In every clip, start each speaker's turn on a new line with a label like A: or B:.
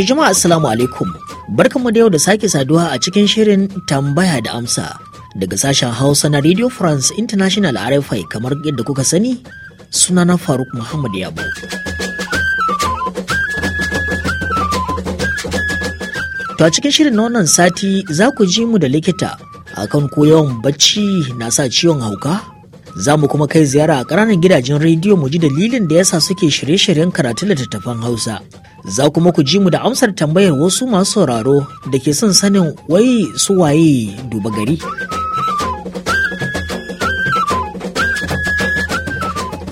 A: wato jama'a assalamu alaikum. Barkanmu da yau da sake saduwa a cikin shirin tambaya da amsa daga sashen Hausa na Radio France International RFI kamar yadda kuka sani suna na Faruk Muhammad Yabo. To a cikin shirin na wannan sati za ku ji mu da likita akan ko yawan bacci na sa ciwon hauka? Za mu kuma kai ziyara a ƙananan gidajen rediyo mu ji dalilin da yasa suke shirye-shiryen karatun littattafan Hausa. Za kuma ku ji mu da amsar tambayar wasu masu sauraro da ke son sanin wai su waye duba gari.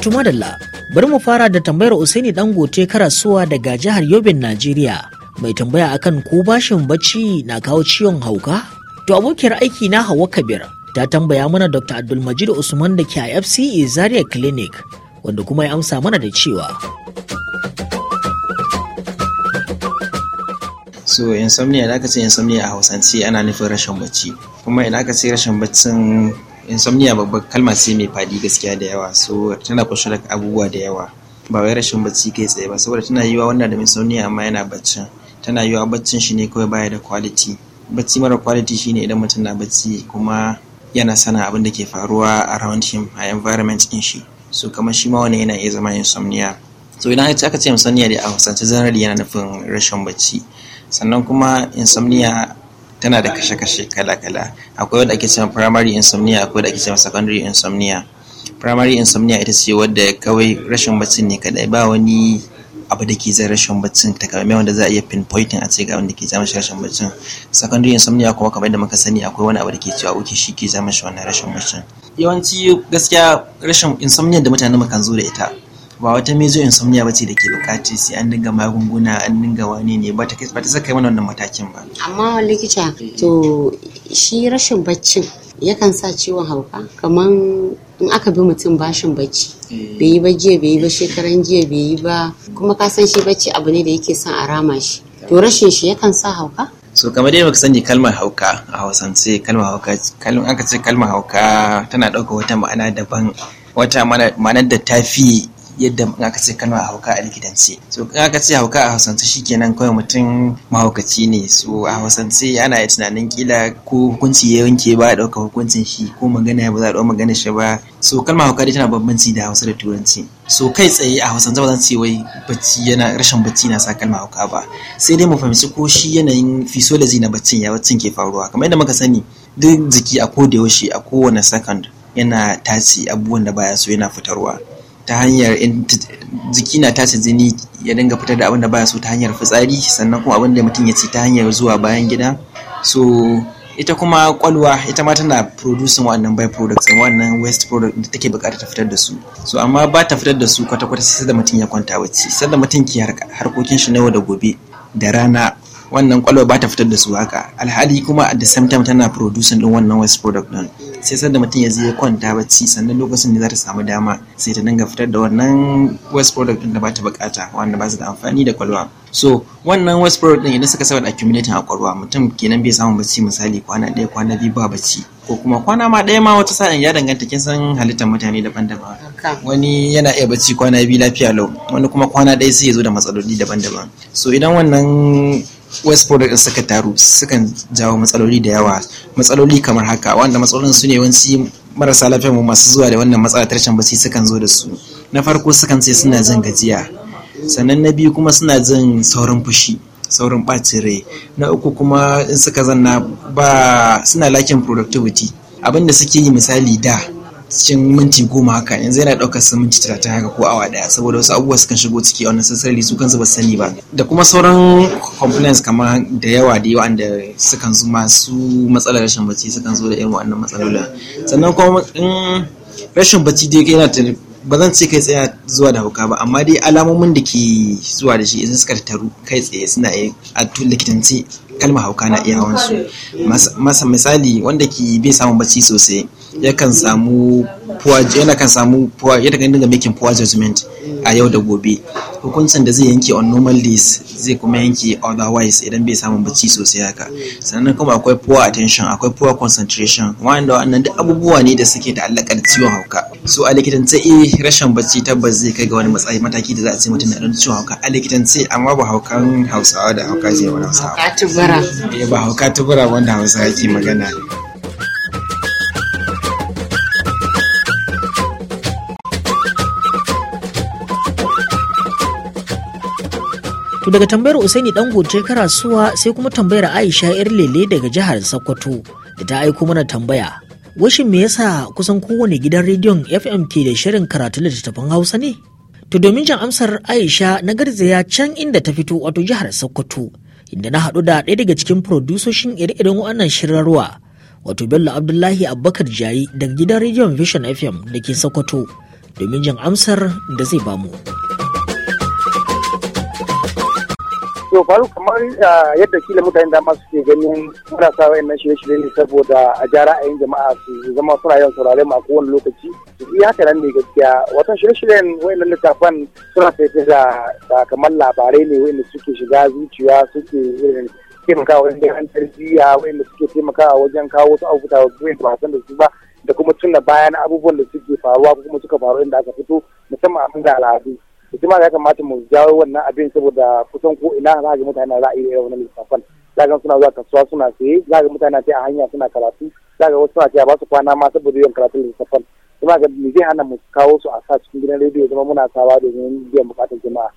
A: Tumadalla, bari mu fara da tambayar Usaini Dangote karasuwa daga jihar Yobin, Najeriya. Mai tambaya akan ko bashin bacci na kawo ciwon hauka? To abokiyar aiki na Hawa Kabir ta tambaya mana dr abdulmajid usman da ke a fce zaria
B: clinic wanda kuma ya amsa mana da cewa so insomnia da aka ce insomnia a hausance ana nufin rashin bacci kuma idan aka ce rashin baccin insomnia babbar kalma ce mai fadi gaskiya da yawa so tana kunshe da abubuwa da yawa ba wai rashin bacci kai tsaye ba saboda tana yiwa wanda da insomnia amma yana baccin tana wa baccin shi ne kawai baya da quality bacci mara quality shine idan mutum na bacci kuma yana sanin abin da ke faruwa a around him a environment din shi so kamar shi ma wani yana iya zama insomnia so idan aka ce insomnia da a hausance zanari yana nufin rashin bacci sannan kuma insomnia tana da kashe-kashe kala-kala akwai wanda ake cewa primary insomnia akwai wanda ake cewa secondary insomnia primary insomnia ita ce wadda kawai rashin bacci ne kadai ba wani abu da ke zai rashin baccin takamaimai wanda za a iya pinpointing a ce ga wanda ke zama shi rashin baccin secondary insomnia kuma kamar yadda muka sani akwai wani abu da ke cewa uke shi ke zama shi wannan rashin baccin yawanci gaskiya rashin insomnia da mutane kan zo da ita ba wata mezo insomnia ce da ke bukaci sai an dinga magunguna an dinga wani ne ba ta saka mana wannan matakin ba
C: amma likita to shi rashin baccin yakan sa ciwon hauka kamar in aka bi mutum bashin bacci eh. bai yi ba jiya bai yi ba shekaran jiya bai yi ba kuma ka san shi bacci abu ne da yake son a rama shi to rashin shi yakan sa hauka
B: so kamar dai baka sani kalmar hauka a hausance kalmar hauka kalmar aka ce kalmar hauka tana ɗauka wata ma'ana daban wata ma'anar da ta fi yadda in aka ce kana hauka a likitance so in aka ce hauka a hausance shikenan kawai mutum mahaukaci ne so a hausance ana tunanin kila ko hukunci ya yanke ba a ɗauka hukuncin shi ko magana ba za a ɗauka magana shi ba so kalmar hauka dai tana bambanci da hausa da turanci so kai tsaye a hausance ba zan ce wai bacci yana rashin bacci na sa kalmar hauka ba sai dai mu fahimci ko shi yanayin physiology na baccin ya baccin ke faruwa kamar yadda muka sani duk jiki a da yaushe a kowane second yana tace abubuwan da baya so yana fitarwa ta hanyar jiki na tace jini ya dinga fitar da abin da baya so ta hanyar fitsari sannan kuma abin da mutum ya ci ta hanyar zuwa bayan gida so ita kuma kwalwa ita ma tana producing products din wannan waste product da take bukata ta fitar da su so amma ba ta fitar da su kwata-kwata sai da mutum ya kwanta wacce, sai da mutum ke harkokin shi na yau da gobe da rana wannan kwalwa ba ta fitar da su haka alhali kuma at the same time tana producing din wannan waste product din sai da mutum ya je kwanta bacci sannan lokacin da za ta samu dama sai ta dinga fitar da wannan waste product din da ba ta bukata wanda ba su da amfani da kwalwa so wannan waste product din idan suka saba accumulating a kwalwa mutum kenan bai samu bacci misali kwana ɗaya kwana biyu ba bacci ko kuma kwana ma ɗaya ma wata sa'in ya danganta kin san halittar mutane daban-daban wani yana iya bacci kwana biyu lafiya lau wani kuma kwana ɗaya sai ya zo da matsaloli daban-daban so idan wannan west product din suka taru sukan jawo matsaloli da yawa matsaloli kamar haka wanda matsalolin su ne wansi marasa lafiya mu masu zuwa da wannan matsala rashin bacci sukan zo da su na farko sukan ce suna jin gajiya sannan na biyu kuma suna jin saurin fushi saurin ɓacin rai na uku kuma in suka zanna ba suna lakin productivity abinda suke yi misali da cikin minti goma haka yanzu yana ɗaukar su minti talatin haka ko awa ɗaya saboda wasu abubuwa sukan shigo ciki a wannan sassari su kansu ba sani ba da kuma sauran complaints kamar da yawa da yawa da sukan zo masu matsalar rashin bacci sukan zo da irin wannan matsalolin sannan kuma in rashin bacci dai yana ba zan ce kai tsaye zuwa da hauka ba amma dai alamomin da ke zuwa da shi idan suka taru kai tsaye suna yi a likitanci kalmar hauka na iya hawan su masa misali wanda ke bai samun bacci sosai yakan samu yana kan samu yadda kan dinga making poor judgment a yau da gobe hukuncin da zai yanke on normal days zai kuma yanke otherwise idan bai samu bacci sosai haka sannan kuma akwai poor attention akwai poor concentration wanda wannan duk abubuwa ne da suke da alaƙa da ciwon hauka so a likitance eh rashin bacci tabbas zai kai ga wani matsayi mataki da za a ce mutum na dan ciwon hauka a likitance amma ba haukan hausawa da hauka zai wani hausawa eh, ba hauka tubura wanda hausawa ke magana
A: To daga tambayar Usaini dan goce karasuwa sai kuma tambayar Aisha yar lele daga jihar Sokoto da ta aiko mana tambaya. Washin me yasa kusan kowane gidan rediyon FM ke da shirin karatu littattafan Hausa ne? To domin jan amsar Aisha na garzaya can inda ta fito wato jihar Sokoto inda na haɗu da ɗaya daga cikin furodusoshin ire-iren wannan shirarwa wato Bello Abdullahi Abubakar Jayi daga gidan rediyon Vision FM da ke Sokoto domin jan amsar da zai bamu.
D: to faru kamar yadda kila mutane dama suke ganin muna sa wayannan shirye-shirye ne saboda a ja ra'ayin jama'a su zama suna yawan saurare ma a kowane lokaci yi haka nan ne gaskiya wata shirye-shiryen wayannan littafan suna saita da kamar labarai ne wayanda suke shiga zuciya suke irin taimakawa wajen gyaran tarbiyya wayanda suke taimakawa wajen kawo wasu abubuwa wayanda ba san da su ba da kuma tuna bayan abubuwan da suke faruwa kuma suka faru inda aka fito musamman a da al'adu hikima ya kamata mu jawo wannan abin saboda kusan ko ina za ga mutane ra'ayi irin wannan lissafan za ga suna zuwa kasuwa suna saye za ga mutane a hanya suna karatu za ga wasu suna cewa ba su kwana ma saboda yawan karatu lissafan kuma ga me zai hana mu kawo su a sa cikin gidan rediyo zama muna sawa domin biyan bukatar jama'a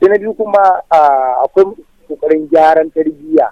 D: sai na biyu kuma akwai kokarin gyaran tarbiyya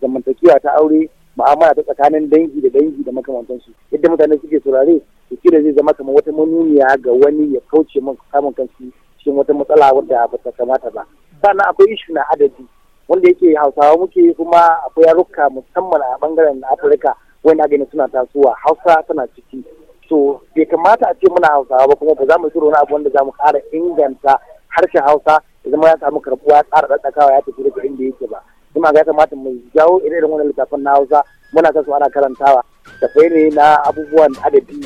D: zamantakewa ta aure ma'amala ta tsakanin dangi da dangi da makamantansu yadda mutane suke saurare da zai zama kamar wata manuniya ga wani ya kauce min samun kansu cikin wata matsala wadda ba ta kamata ba sannan akwai ishu na adadi wanda yake hausawa muke kuma akwai yaruka musamman a bangaren afirka wanda gani suna tasowa hausa tana ciki so bai kamata a ce muna hausawa ba kuma ba za mu shiro wani abu wanda za mu kara inganta harshen hausa ya zama ya samu karbuwa ya kara ɗaɗɗakawa ya tafi daga inda yake ba kuma ga ya kamata mu jawo irin wannan littafin na hausa muna kasu ana karantawa tafai ne na abubuwan adadi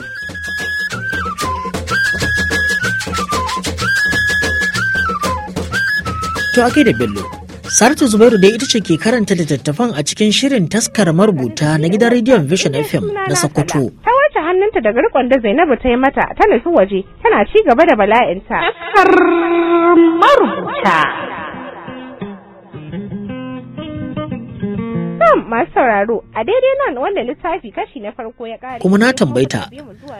D: To a da Bello.
A: Saratu Zubairu dai ita ce ke karanta littattafan a cikin shirin taskar marubuta na gidan rediyon Vision FM na Sokoto.
C: Ta wace hannunta daga rikon da Zainabu ta yi mata ta nufi waje tana ci gaba da bala'inta. Taskar marubuta. Tom masu sauraro a daidai nan wannan littafi kashi na farko ya kare. Kuma na
A: tambaita.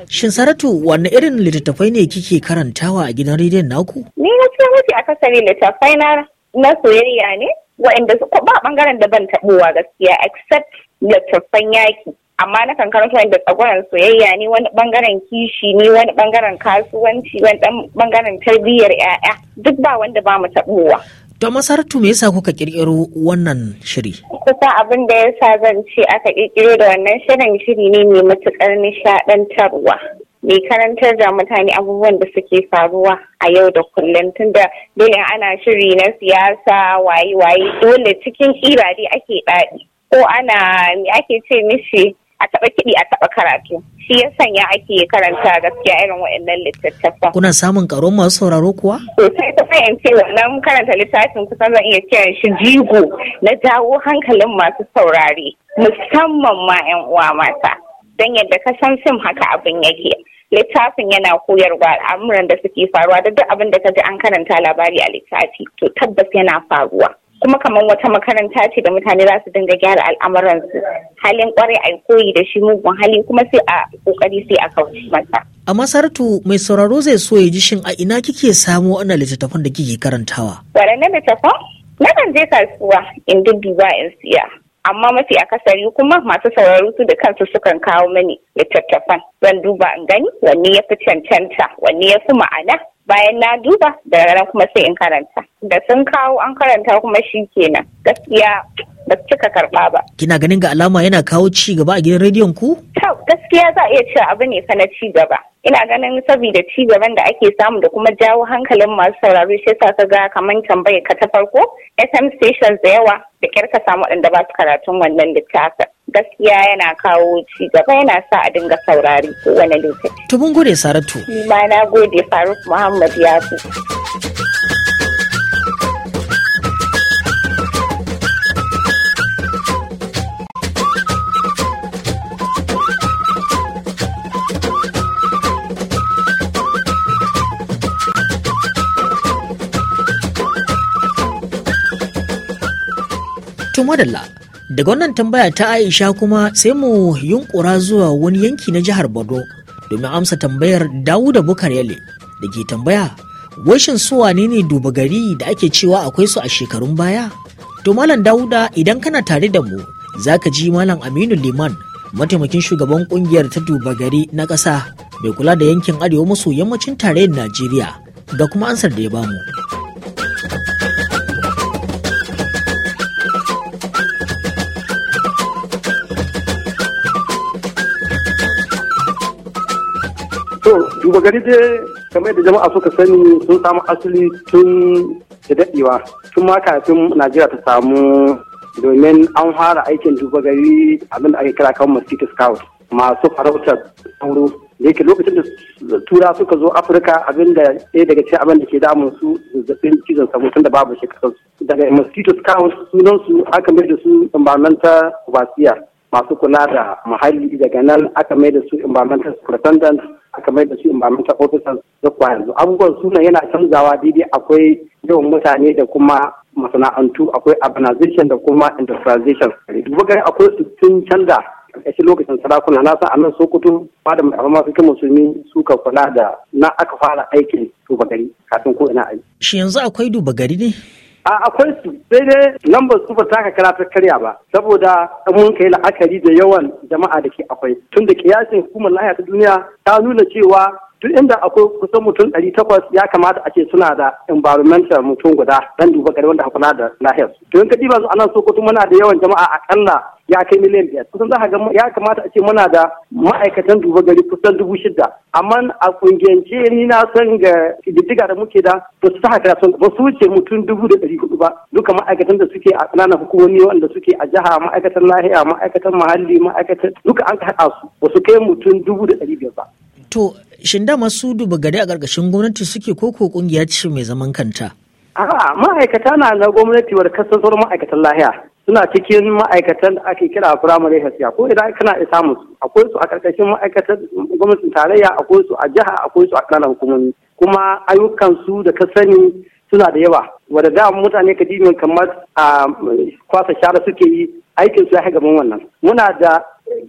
A: Shin Saratu wanne irin littattafai ne kike karantawa a gidan rediyon naku?
C: Ni na gaskiya mafi akasari littattafai na na soyayya ne waɗanda su ba bangaren da ban taɓowa gaskiya except littattafan yaki. Amma na kan karanta da tsagoran soyayya ne wani bangaren kishi ne wani bangaren kasuwanci wani bangaren tarbiyyar 'ya'ya duk ba wanda ba mu taɓowa.
A: Da Masaratu me yasa kuka kirkiro wannan shiri?
C: kusa abin da yasa zan ce aka kirkiro da wannan shirin shiri ne mai matukar nishadantarwa. Mai karantar da mutane abubuwan da suke faruwa a yau da kullum tunda dole ana shiri na siyasa waye waye dole cikin kira dai ake dadi ko ana ake ce mishi a taɓa kiɗi a taɓa karatu shi ya sanya ake karanta gaskiya irin waɗannan littattafan. Kuna
A: samun karo masu sauraro kuwa?
C: Sosai ta fahimci wannan karanta littafin kusan zan iya kiran shi jigo na jawo hankalin masu saurare musamman ma 'yan uwa mata. Don yadda ka san fim haka abin yake. littafin yana koyarwa al'amuran da suke faruwa da duk abin da ka ji an karanta labari a littafi to tabbas yana faruwa. kuma kamar wata makaranta ce da mutane za su dinga gyara al'amuran su, halin kwarai a koyi da shi mugun hali kuma sai a kokari sai a kauce masa
A: a masartu mai sauraro zai so ya ji shin a ina kike samo wannan littattafan da kike karantawa
C: waɗannan littattafan na kan je kasuwa in dudduba in siya amma mafi akasari kuma masu sauraro su da kansu sukan kawo mani littattafan zan duba in gani wanne ya fi cancanta wanne ya fi ma'ana bayan na duba da ranar kuma sai in karanta da sun kawo an karanta kuma shi kenan gaskiya ba cika karba ba.
A: Kina ganin ga alama yana kawo ci gaba a gidan rediyon ku?
C: gaskiya za a iya cewa abu ne fa na ci gaba. Ina ganin saboda ci gaban da ake samu da kuma jawo hankalin masu sauraro shi yasa ka ga kamar tambayar ka ta farko FM stations da yawa da kyar ka samu waɗanda ba su karatun wannan littafin. gaskiya yana kawo ci gaba yana sa a dinga saurari kowane lokaci.
A: Tubun gode Saratu.
C: Ni ma na gode Faruk Muhammad Yasu.
A: To wadalla daga wannan tambaya ta Aisha kuma sai mu yunkura zuwa wani yanki na jihar bado domin amsa tambayar dauda Bukar Yale da ke tambaya washin su wane ne duba gari da ake cewa akwai su a shekarun baya? To Malam Dawuda idan kana tare da mu za ka ji Malam Aminu Liman mataimakin shugaban kungiyar ta duba gari na kasa mai kula da yankin arewa maso yammacin tarayyar Najeriya ga kuma ansar da ya bamu.
E: duba gari dai kamar da jama'a suka sani sun samu asali tun da daɗewa tun ma kafin najeriya ta samu domin an fara aikin duba gari abinda ake kira kan mosquito scout masu farautar sauro da yake lokacin da tura suka zo afirka abinda ɗaya daga cikin abin da ke damun su zazzabin cizon sauro tun da babu shi kasar daga mosquito scout sunan su aka mai da su environmental overseer masu kula da muhalli daga nan aka mai da su environmental superintendent aka mai da su environmental officers da kwa yanzu abubuwan suna yana canzawa daidai akwai yawan mutane da kuma masana'antu akwai urbanization da kuma industrialization duba gani akwai su sun canza ƙarshen lokacin sarakuna na san a nan sokoto ba da mai suke musulmi suka kula da na aka fara aikin duba gari kafin ko ina aiki.
A: shi yanzu akwai duba gari ne
E: a akwai su sai dai lambar su ba ta ka kara ta karya ba saboda mun kai la'akari da yawan jama'a da ke akwai tunda da kiyasin hukumar lahiya ta duniya ta nuna cewa duk inda akwai kusan mutum ɗari takwas ya kamata a ce suna da environmental mutum guda dan duba gari wanda hakuna da lahiyar to in ka su a nan sokoto muna da yawan jama'a a akalla ya kai miliyan biyar kusan za ka ga ya kamata a ce muna da ma'aikatan duba gari kusan dubu shida amma a kungiyance ni na san ga diddiga da muke da ba su haka sun ba su wuce mutum dubu da ɗari hudu ba duka ma'aikatan da suke a ƙananan hukumomi wanda suke a jiha ma'aikatan lahiya ma'aikatan muhalli ma'aikatan duka an ka haɗa su ba su kai mutum dubu da ɗari biyar ba.
A: To Shin da masu su gari a ƙarƙashin gwamnati suke koko ƙungiya ce mai zaman kanta?
E: A'a ma'aikata na na gwamnati wadda kasan sauran ma'aikatan lahiya suna cikin ma'aikatan da ake kira firamare hasiya ko idan kana isa musu akwai su a ƙarƙashin ma'aikatan gwamnatin tarayya akwai su a jiha akwai su a ƙananan hukumomi kuma ayyukan su da ka sani suna da yawa wadda da mutane ka jimin kamar a kwasa shara suke yi aikin su ya gaban wannan muna da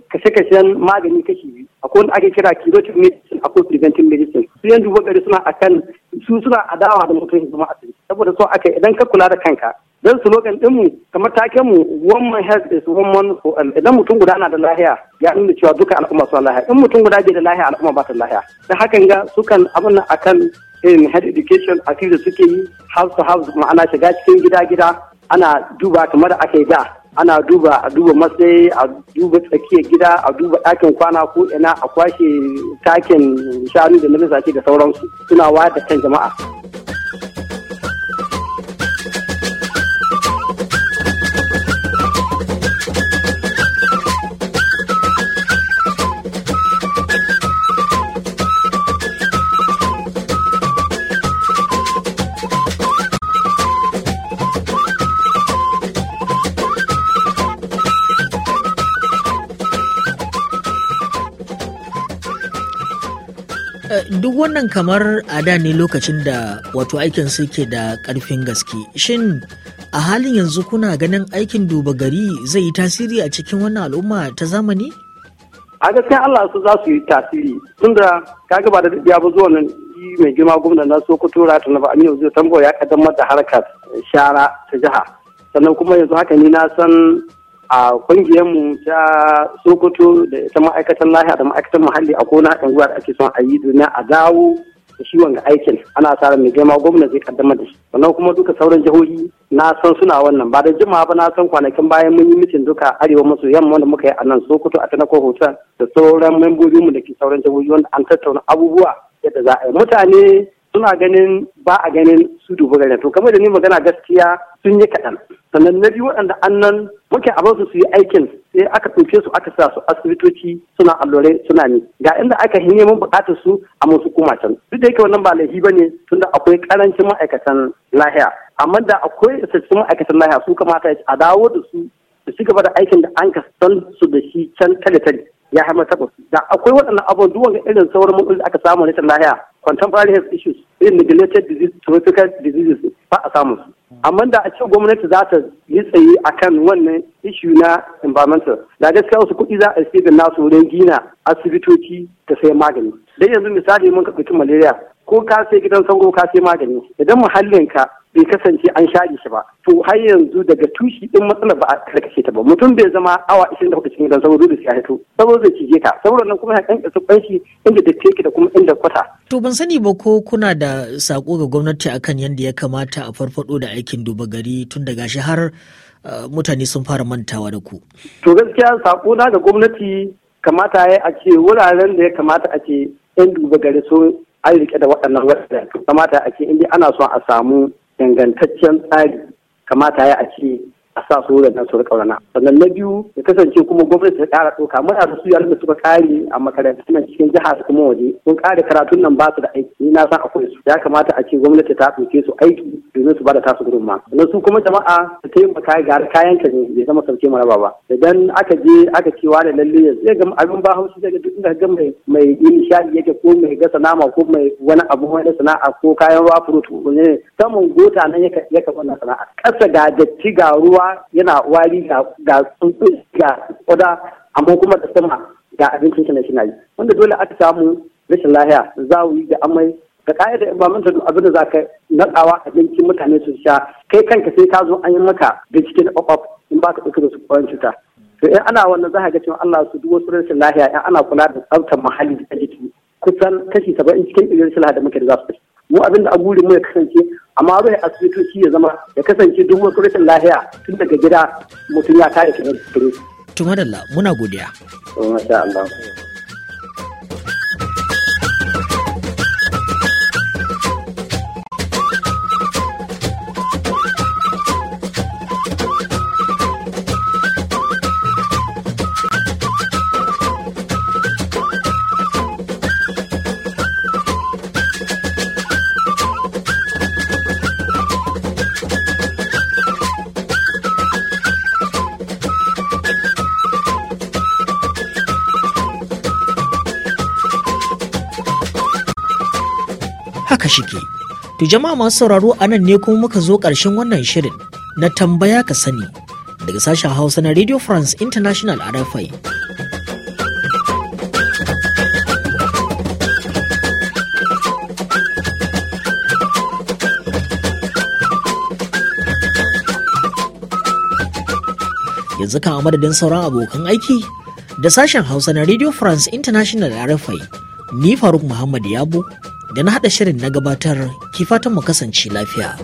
E: kashe-kashen magani kashi akwai wanda ake kira curative medicine akwai preventive medicine su yan dubu gari suna akan su suna adawa da mutum zama asibiti saboda so aka idan ka kula da kanka dan slogan din mu kamar taken mu one man health is one man idan mutum guda na da lahiya ya nuna cewa duka al'umma suna lahiya in mutum guda bai da lahiya al'umma ba ta lahiya da hakan ga sukan abin kan in head education activities suke yi house to house ma'ana shiga cikin gida gida ana duba kamar ake da ana duba a duba matsayi a duba tsakiyar gida a duba ɗakin kwana ko ina a kwashe takin shanu da na da sauransu suna wayar da kan jama'a
A: duk wannan kamar a da ne lokacin da wato aikin su ke da karfin gaske shin a halin yanzu kuna ganin aikin duba gari zai yi tasiri a cikin wannan al'umma ta zamani
E: a gaskiya allah su za su yi tasiri tunda ka ba da ya bu zuwa nan mai girma gwamna na sokoto rata na ba aminu zai tambo ya kaddamar da harkar shara ta jiha sannan kuma yanzu haka ni na san a mu ta sokoto da ta ma'aikatan lahiya da ma'aikatan muhalli a kona ɗan gwiwa da ake son a yi domin a dawo da shi wanga aikin ana sa mai girma gwamna zai kaddamar da shi sannan kuma duka sauran jihohi na san suna wannan ba da jimawa ba na san kwanakin bayan mun yi mitin duka arewa maso yamma wanda muka yi a nan sokoto a tanako hotel da sauran membobinmu da ke sauran jihohi wanda an tattauna abubuwa yadda za a yi mutane suna ganin ba a ganin su dubu gare to kamar da ni magana gaskiya sun yi kaɗan sannan na biyu waɗanda annan muke a su yi aikin sai aka ɗauke su aka sa su asibitoci suna allure suna ne ga inda aka hinye neman buƙatar su a musu kuma can duk da yake wannan ba laifi ba ne tunda akwai ƙarancin ma'aikatan lahiya amma da akwai isassun ma'aikatan lahiya su kamata a dawo da su su ci gaba da aikin da an ka san su da shi can tare tare ya haifar da akwai waɗannan abubuwan duk wani irin sauran da aka samu na lahiya contemporary health issues irin neglected disease tropical diseases ba a samu su amma da a ce gwamnati za ta yi tsaye akan wannan ishu na environmental da gaskiya wasu kuɗi za a sai da nasu wurin gina asibitoci da sayan magani dan yanzu misali mun ka saki malaria ko ka sai gidan sauro ka sai magani idan muhallinka bai kasance an shaɗe shi ba to har yanzu daga tushi din matsalar ba a karkace ta ba mutum bai zama awa 24 cikin gidan saboda zai a ya saboda zai cije ta saboda nan kuma ya kankasa kwanshi inda da take da kuma inda kwata
A: to ban sani ba ko kuna da sako ga gwamnati akan yadda ya kamata a farfado da aikin duba gari tun daga shi har eh, mutane sun fara mantawa da ku
E: to gaskiya sako na ga gwamnati kamata ya a ce wuraren da ya kamata a ce yan duba gari sun an rike da waɗannan waɗannan kamata a ce inda ana son a samu ingantaccen tsari kamata ya a ce a sa su da nan su rika rana sannan na biyu ya kasance kuma gwamnati ta kara ɗauka muna da su yaran da suka kare a makarantu nan cikin jiha su kuma waje sun kare karatun nan ba su da aiki ni na san akwai su ya kamata a ce gwamnati ta ɗauke su aiki domin su bada tasu gudunma sannan su kuma jama'a su taimaka ga kayan ka ne bai zama sauke mara ba idan aka je aka ce da lalle yanzu zai gama abin ba hausa zai ga duk inda ga mai mai nishadi yake ko mai gasa nama ko mai wani abu wani sana'a ko kayan ruwa furut ne samun gota nan ya wannan sana'a kasa ga datti ga ruwa yana wari ga tsuntsu ga oda amma kuma da sama ga abincin shi na shi yi wanda dole aka samu rashin lahiya za yi ga amai da ka'ida ba manta duk abin da za ka naɗawa abincin mutane su sha kai kanka sai ka zo an yi maka bincike da kwakwaf in ba ka ɗauki da su kwayan cuta to in ana wannan za ka ga cewa Allah su duk wasu rashin lahiya in ana kula da tsaftar muhalli da jiki kusan kashi saba'in cikin ɗari rashin lahiya da muke da za su mu abin da a mu ya kasance amma bai asibitoci ya zama ya kasance duk wasu rashin lahiya tun daga gida mutum ya kare kiran turu.
A: Tumadalla muna godiya. Masha Allah. To jama'a masu sauraro a nan ne kuma muka zo ƙarshen wannan shirin na tambaya ka sani daga sashen Hausa na Radio France International RFI. Yanzu kan a madadin sauran abokan aiki da sashen Hausa na Radio France International RFI, ni Faruk Muhammad Yabo da na haɗa shirin na gabatar ki fatan mu kasance lafiya.